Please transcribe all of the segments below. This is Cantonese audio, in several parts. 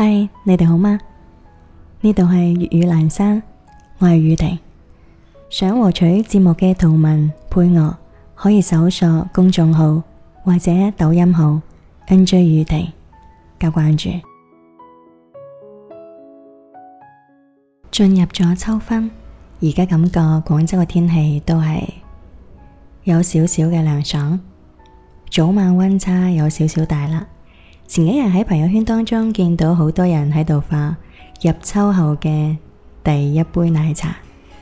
嗨，Hi，你哋好嗎？呢度係粵語蘭山，我係宇婷。想獲取節目嘅圖文配樂，可以搜索公眾號或者抖音號 NJ 宇婷加關注。進入咗秋分，而家感覺廣州嘅天氣都係有少少嘅涼爽，早晚溫差有少少大啦。前幾日喺朋友圈當中見到好多人喺度發入秋後嘅第一杯奶茶，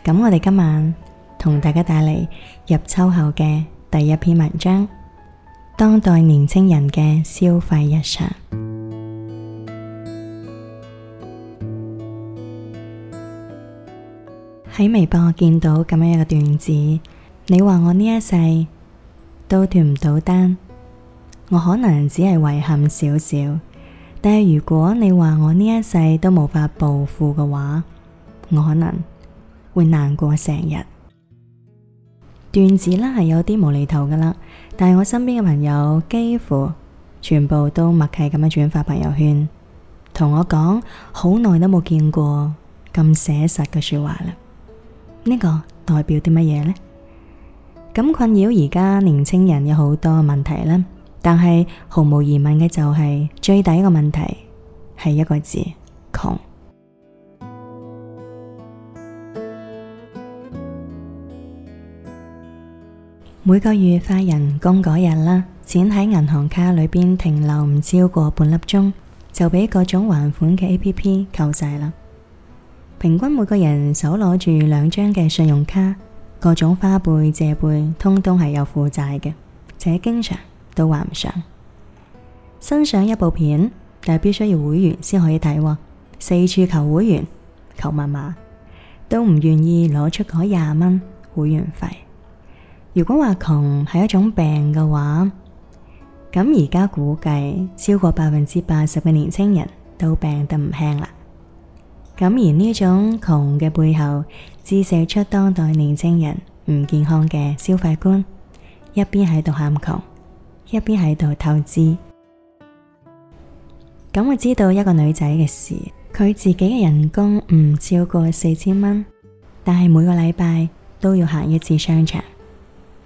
咁我哋今晚同大家帶嚟入秋後嘅第一篇文章，當代年輕人嘅消費日常。喺微博見到咁樣一個段子，你話我呢一世都脫唔到單，我可能只係遺憾少少，但係如果你話我呢一世都無法暴富嘅話，我可能會難過成日。段子啦係有啲無厘頭噶啦，但係我身邊嘅朋友幾乎全部都默契咁樣轉發朋友圈，同我講好耐都冇見過咁寫實嘅說話啦。呢個代表啲乜嘢呢？咁困擾而家年青人有好多問題啦。但係毫無疑問嘅就係最大一個問題係一個字窮。窮每個月發人工嗰日啦，錢喺銀行卡裏邊停留唔超過半粒鐘，就俾各種還款嘅 APP 扣晒啦。平均每個人手攞住兩張嘅信用卡，各種花唄、借唄，通通係有負債嘅，且、就是、經常。都還唔上，新上一部片，代表需要會員先可以睇喎。四處求會員，求密碼，都唔願意攞出嗰廿蚊會員費。如果話窮係一種病嘅話，咁而家估計超過百分之八十嘅年輕人都病得唔輕啦。咁而呢種窮嘅背後，折射出當代年青人唔健康嘅消費觀，一邊喺度喊窮。一邊喺度透支，咁我知道一個女仔嘅事，佢自己嘅人工唔超過四千蚊，但係每個禮拜都要行一次商場，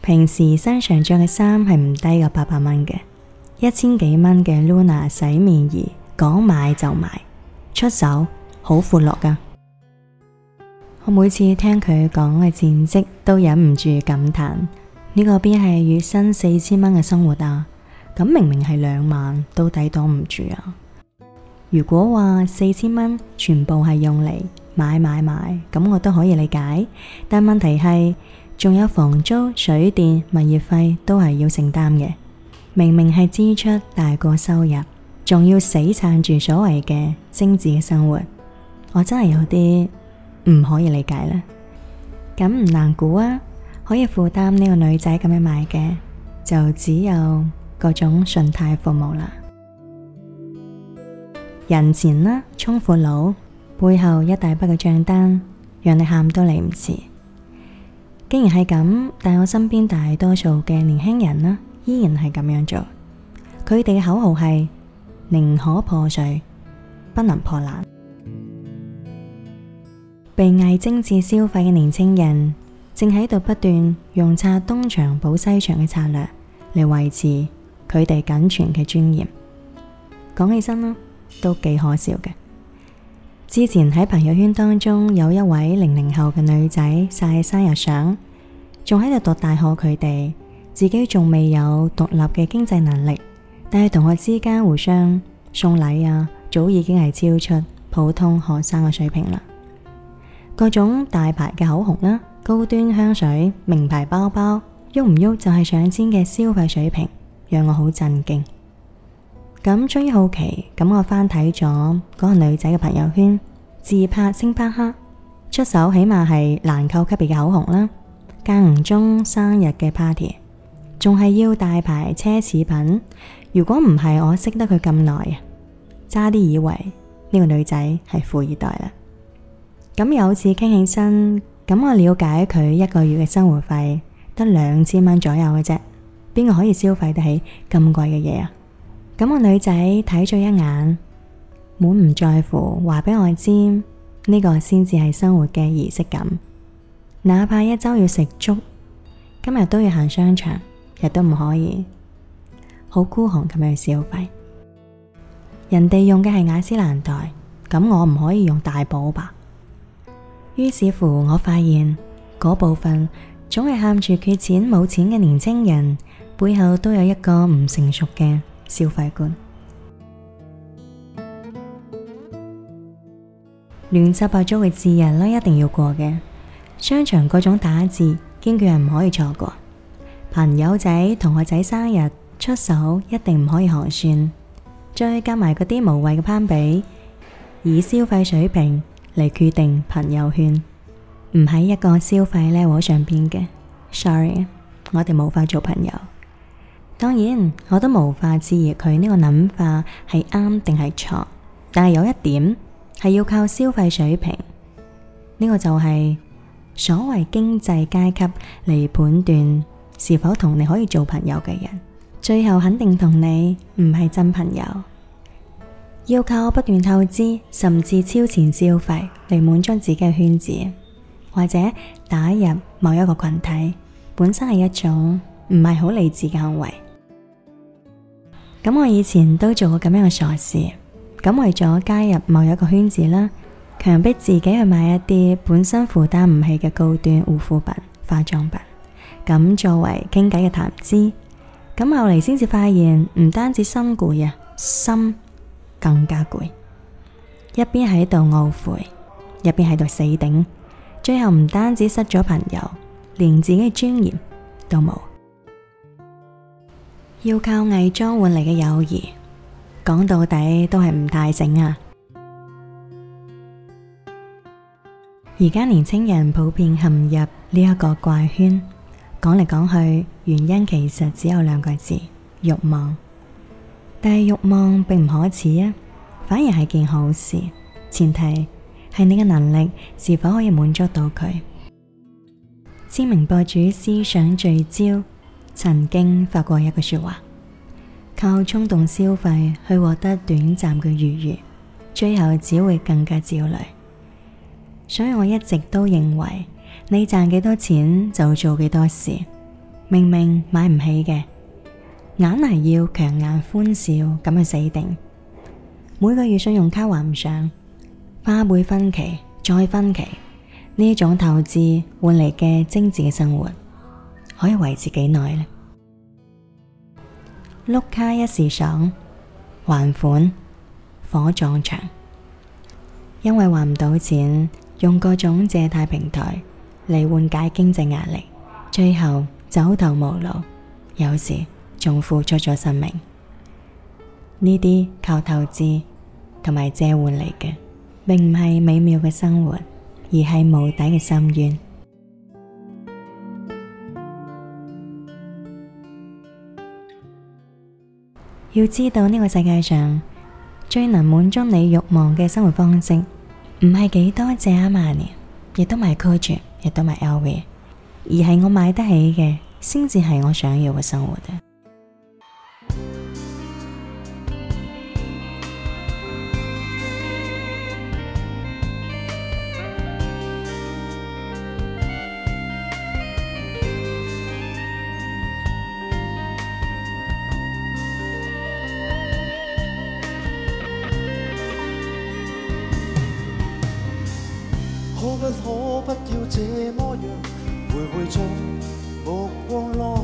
平時身上着嘅衫係唔低過八百蚊嘅，一千幾蚊嘅 Luna 洗面儀，講買就買，出手好闊落噶我每次聽佢講嘅戰績，都忍唔住感嘆。呢個邊係月薪四千蚊嘅生活啊！咁明明係兩萬都抵擋唔住啊！如果話四千蚊全部係用嚟買買買，咁我都可以理解。但問題係仲有房租、水電、物業費都係要承擔嘅。明明係支出大過收入，仲要死撐住所謂嘅精致嘅生活，我真係有啲唔可以理解啦！咁唔難估啊！可以負擔呢個女仔咁樣買嘅，就只有各種信貸服務啦。人前啦充闊佬，背後一大筆嘅賬單，讓你喊都嚟唔切。既然係咁，但我身邊大多數嘅年輕人呢，依然係咁樣做。佢哋嘅口號係：寧可破碎，不能破爛。被偽精致消費嘅年輕人。正喺度不斷用拆東牆補西牆嘅策略嚟維持佢哋僅存嘅尊嚴。講起身啦，都幾可笑嘅。之前喺朋友圈當中有一位零零後嘅女仔晒生日相，仲喺度讀大學，佢哋自己仲未有獨立嘅經濟能力，但係同學之間互相送禮啊，早已經係超出普通學生嘅水平啦。各種大牌嘅口紅啦、啊。高端香水、名牌包包，喐唔喐就係上千嘅消費水平，讓我好震驚。咁出於好奇，咁我翻睇咗嗰個女仔嘅朋友圈，自拍、星巴克，出手起碼係蘭蔻級別嘅口紅啦。間唔中生日嘅 party，仲係要大牌奢侈品。如果唔係我識得佢咁耐，差啲以為呢、這個女仔係富二代啦。咁有次傾起身。咁我了解佢一個月嘅生活費得兩千蚊左右嘅啫，邊個可以消費得起咁貴嘅嘢啊？咁個女仔睇咗一眼，滿唔在乎，話畀我知呢個先至係生活嘅儀式感。哪怕一周要食粥，今日都要行商場，日都唔可以，好孤寒咁樣去消費。人哋用嘅係雅詩蘭黛，咁我唔可以用大寶吧？於是乎，我發現嗰部分總係喊住缺錢冇錢嘅年青人，背後都有一個唔成熟嘅消費觀。亂 七八糟嘅節日咧，一定要過嘅。商場嗰種打折，堅決係唔可以錯過。朋友仔、同學仔生日，出手一定唔可以寒酸。再加埋嗰啲無謂嘅攀比，以消費水平。嚟決定朋友圈，唔喺一個消費 level 上邊嘅，sorry，我哋冇法做朋友。當然，我都無法置疑佢呢個諗法係啱定係錯。但係有一點係要靠消費水平，呢個就係所謂經濟階級嚟判斷是否同你可以做朋友嘅人，最後肯定同你唔係真朋友。要靠不斷透支，甚至超前消費嚟滿足自己嘅圈子，或者打入某一個群體，本身係一種唔係好理智嘅行為。咁我以前都做過咁樣嘅傻事，咁為咗加入某一個圈子啦，強迫自己去買一啲本身負擔唔起嘅高端護膚品、化妝品，咁作為傾偈嘅談資。咁後嚟先至發現，唔單止心攰啊，心。更加攰，一邊喺度懊悔，一邊喺度死頂，最後唔單止失咗朋友，連自己嘅尊嚴都冇。要靠偽裝換嚟嘅友誼，講到底都係唔太醒啊！而家年青人普遍陷入呢一個怪圈，講嚟講去，原因其實只有兩個字：欲望。但欲望並唔可恥啊，反而係件好事。前提係你嘅能力是否可以滿足到佢。知名博主思想聚焦曾經發過一句說話：靠衝動消費去獲得短暫嘅愉悅，最後只會更加焦慮。所以我一直都認為，你賺幾多錢就做幾多事，明明買唔起嘅。硬係要強顏歡笑，咁去死定。每個月信用卡還唔上，花唄分期再分期，呢種透支換嚟嘅精致嘅生活，可以維持幾耐呢？碌卡一時爽，還款火葬場。因為還唔到錢，用各種借貸平台嚟緩解經濟壓力，最後走投無路，有時。仲付出咗生命，呢啲靠透支同埋借換嚟嘅，並唔係美妙嘅生活，而係無底嘅深淵。 要知道呢個世界上最能滿足你慾望嘅生活方式，唔係幾多隻阿瑪尼，亦都唔係 Gucci 亦都唔係 LV 而係我買得起嘅，先至係我想要嘅生活。可不要這麼樣，徘徊中目光亂，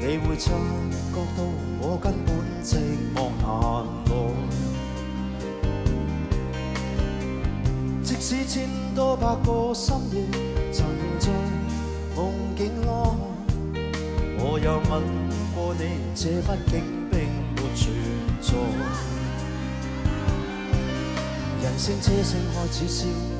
你會察覺到我根本寂寞難耐。即使千多百個深夜沉在夢境內，我又吻過你，這畢竟並沒存在。人聲車聲開始消。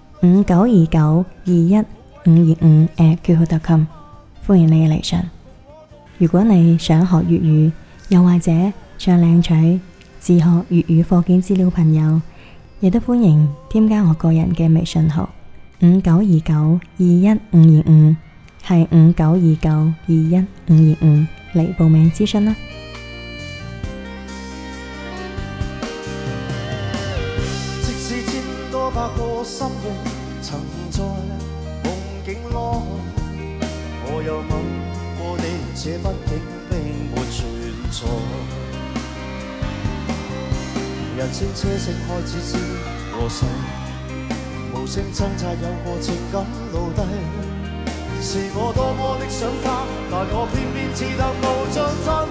五九二九二一五二五，@qq.com，歡迎你嚟信。如果你想學粵語，又或者想領取自學粵語課件資料，朋友亦都歡迎添加我個人嘅微信號五九二九二一五二五，係五九二九二一五二五嚟報名諮詢啦。化過心靈，曾在夢境內，我又吻過你，這畢竟並沒存在。人聲車聲開始知我死，無聲掙扎有個情感奴隸，是我多麼的想他，但我偏偏只得無盡。